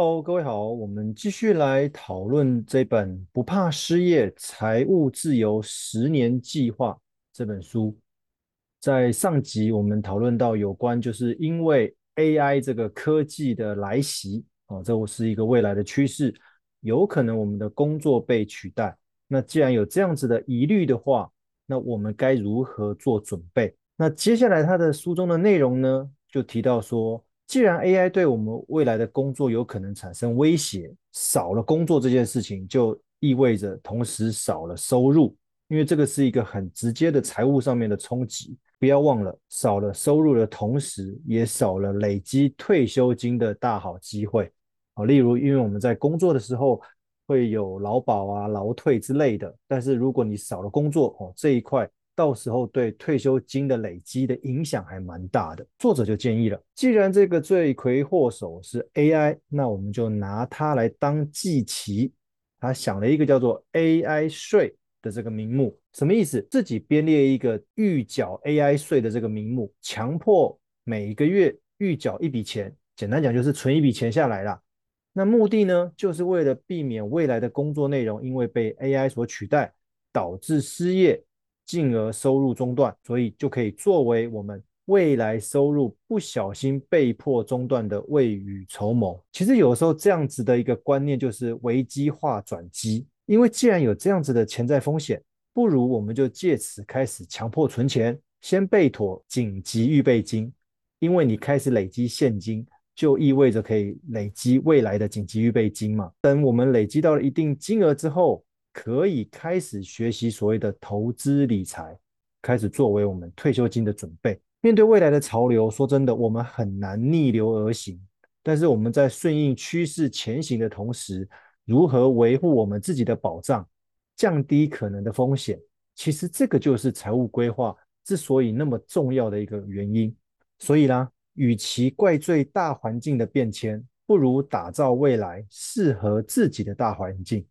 Hello，各位好，我們繼續來討論這本《不怕失業，財務自由十年計劃》這本書。在上集，我們討論到有關就是因為 AI 這個科技的來襲啊，哦，這我是一個未來的趨勢，有可能我們的工作被取代。那既然有這樣子的疑慮的話，那我們該如何做準備？那接下來，他的書中的內容呢，就提到說。既然 AI 對我們未來的工作有可能產生威脅，少了工作這件事情，就意味着同時少了收入，因為這個是一個很直接的財務上面的衝擊。不要忘了，少了收入的同時，也少了累積退休金的大好機會。哦，例如，因為我們在工作的時候會有勞保啊、勞退之類的，但是如果你少了工作，哦，這一塊。到時候對退休金的累積的影響還蠻大的。作者就建議了，既然這個罪魁禍首是 AI，那我們就拿它來當祭旗，他想了一個叫做 AI 稅的這個名目，什麼意思？自己編列一個預繳 AI 稅的這個名目，強迫每個月預繳一筆錢。簡單講就是存一筆錢下來了。那目的呢，就是為了避免未來的工作內容因為被 AI 所取代，導致失業。進而收入中斷，所以就可以作為我們未來收入不小心被迫中斷的未雨綢繆。其實有時候這樣子的一個觀念就是危機化轉機，因為既然有這樣子的潛在風險，不如我們就借此開始強迫存錢，先備妥緊急預備金。因為你開始累積現金，就意味着可以累積未來的緊急預備金嘛。等我們累積到了一定金額之後。可以開始學習所謂的投資理財，開始作為我們退休金的準備。面對未來的潮流，說真的，我們很難逆流而行。但是我們在順應趨勢前行的同時，如何維護我們自己的保障，降低可能的風險？其實這個就是財務規劃之所以那麼重要的一個原因。所以呢，與其怪罪大環境的變遷，不如打造未來適合自己的大環境。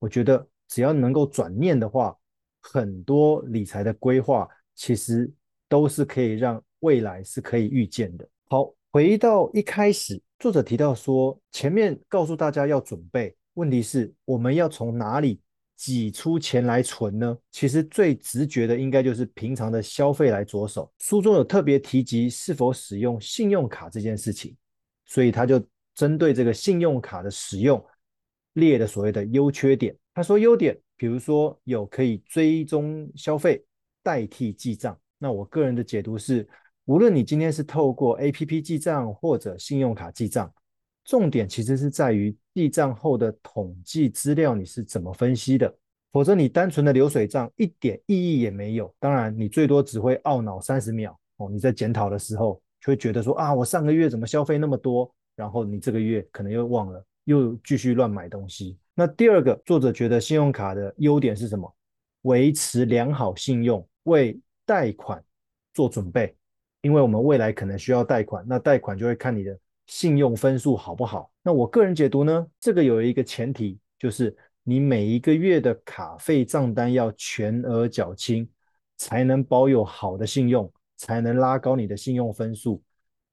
我覺得。只要能夠轉念的話，很多理財的規劃其實都是可以讓未來是可以預見的。好，回到一開始，作者提到說，前面告訴大家要準備，問題是，我們要從哪裡擠出錢來存呢？其實最直覺的，應該就是平常的消費來着手。書中有特別提及是否使用信用卡這件事情，所以他就針對這個信用卡的使用。列的所謂的優缺點，他說優點，比如說有可以追蹤消費，代替記賬。那我個人的解讀是，無論你今天是透過 APP 記賬或者信用卡記賬，重點其實是在於記賬後的統計資料你是怎麼分析的，否則你單純的流水賬一點意義也沒有。當然，你最多只會懊惱三十秒哦。你在檢討的時候就會覺得說啊，我上個月怎麼消費那麼多，然後你這個月可能又忘了。又繼續亂買東西。那第二個作者覺得信用卡的優點是什麼？維持良好信用，為貸款做準備。因為我們未來可能需要貸款，那貸款就會看你的信用分數好不好。那我個人解讀呢？這個有一個前提，就是你每一個月的卡費賬單要全額繳清，才能保有好的信用，才能拉高你的信用分數。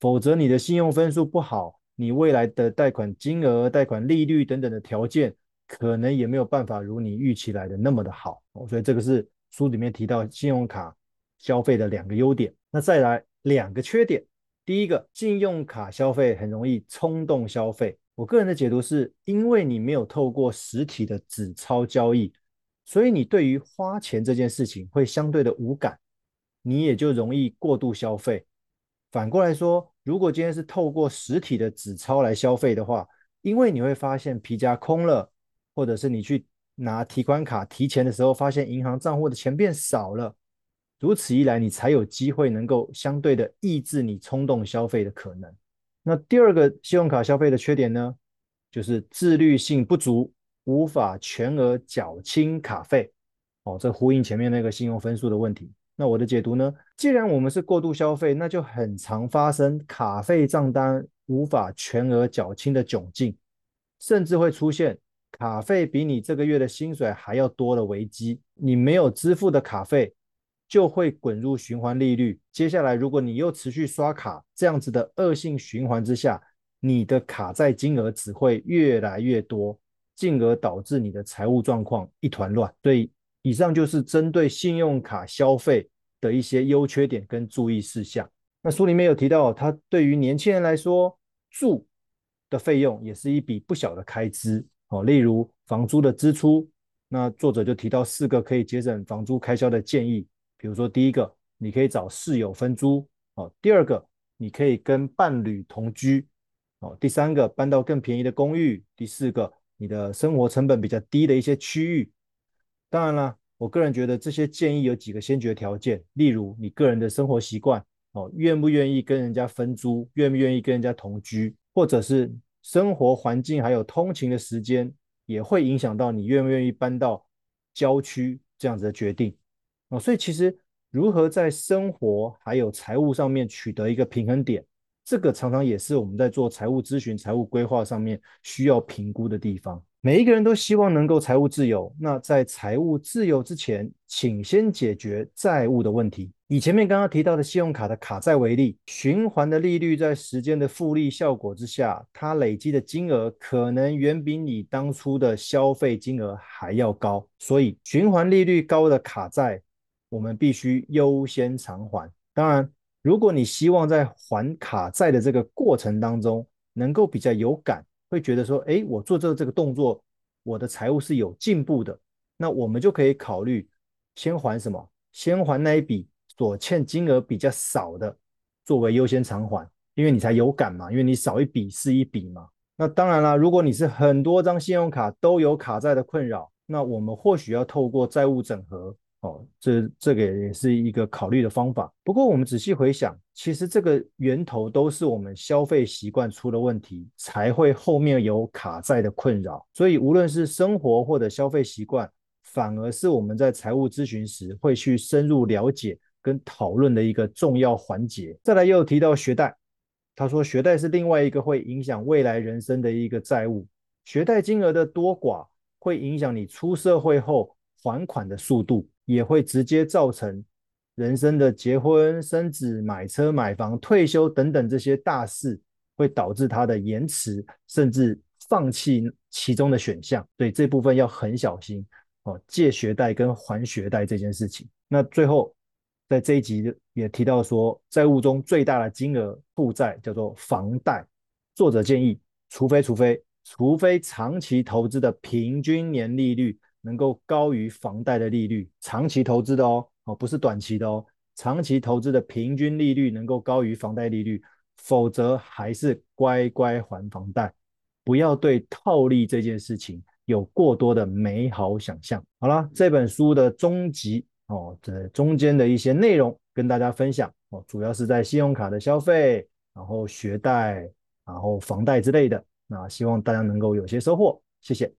否則你的信用分數不好，你未來的貸款金額、貸款利率等等的條件，可能也沒有辦法如你預期來的那麼的好，所以這個是書裡面提到信用卡消費的兩個優點。那再來兩個缺點，第一個，信用卡消費很容易衝動消費。我個人的解讀是，因為你沒有透過實體的紙鈔交易，所以你對於花錢這件事情會相對的無感，你也就容易過度消費。反過來說，如果今天是透過實體的紙鈔來消費的話，因為你會發現皮夾空了，或者是你去拿提款卡提錢的時候，發現銀行賬戶的錢變少了，如此一來，你才有機會能夠相對的抑制你衝動消費的可能。那第二個信用卡消費的缺點呢，就是自律性不足，無法全額繳清卡費。哦，這呼應前面那個信用分數的問題。那我的解讀呢？既然我們是過度消費，那就很常發生卡費賬單無法全額繳清的窘境，甚至會出現卡費比你這個月的薪水還要多的危機。你沒有支付的卡費就會滾入循環利率，接下來如果你又持續刷卡，這樣子的惡性循環之下，你的卡債金額只會越來越多，進而導致你的財務狀況一團亂。對，以上就是針對信用卡消費。的一些優缺點跟注意事項。那書裡面有提到，它對於年輕人來說，住的費用也是一筆不小的開支哦。例如房租的支出，那作者就提到四個可以節省房租開銷的建議，比如說第一個，你可以找室友分租哦；第二個，你可以跟伴侶同居哦；第三個，搬到更便宜的公寓；第四個，你的生活成本比較低的一些區域。當然了。我個人覺得這些建議有幾個先決條件，例如你個人的生活習慣，哦，願不願意跟人家分租，願不願意跟人家同居，或者是生活環境，還有通勤的時間，也會影響到你願不願意搬到郊區這樣子的決定。哦，所以其實如何在生活還有財務上面取得一個平衡點，這個常常也是我們在做財務諮詢、財務規劃上面需要評估的地方。每一個人都希望能夠財務自由。那在財務自由之前，請先解決債務的問題。以前面剛剛提到的信用卡的卡債為例，循環的利率在時間的複利效果之下，它累積的金額可能遠比你當初的消費金額還要高。所以，循環利率高的卡債，我們必須優先償還。當然，如果你希望在還卡債的這個過程當中，能夠比較有感，會覺得說，哎，我做這個、這個動作，我的財務是有進步的。那我們就可以考慮先還什麼？先還那一筆所欠金額比較少的，作為優先償還，因為你才有感嘛，因為你少一筆是一筆嘛。那當然啦，如果你是很多張信用卡都有卡債的困擾，那我們或許要透過債務整合。哦，這這個也是一個考慮的方法。不過我們仔細回想，其實這個源頭都是我們消費習慣出了問題，才會後面有卡債的困擾。所以無論是生活或者消費習慣，反而是我們在財務諮詢時會去深入了解跟討論的一個重要環節。再來又提到學貸，他說學貸是另外一個會影響未來人生的一個債務。學貸金額的多寡會影響你出社會後還款的速度。也會直接造成人生的結婚、生子、買車、買房、退休等等這些大事，會導致他的延遲，甚至放棄其中的選項。所以這部分要很小心哦。借學貸跟還學貸這件事情，那最後在這一集也提到說，債務中最大的金額負債叫做房貸。作者建議，除非除非除非長期投資的平均年利率。能夠高於房貸的利率，長期投資的哦，哦不是短期的哦，長期投資的平均利率能夠高於房貸利率，否則還是乖乖還房貸，不要對套利這件事情有過多的美好想象好了，這本書的中集哦，這中間的一些內容跟大家分享哦，主要是在信用卡的消費，然後學貸，然後房貸之類的，那希望大家能夠有些收穫，謝謝。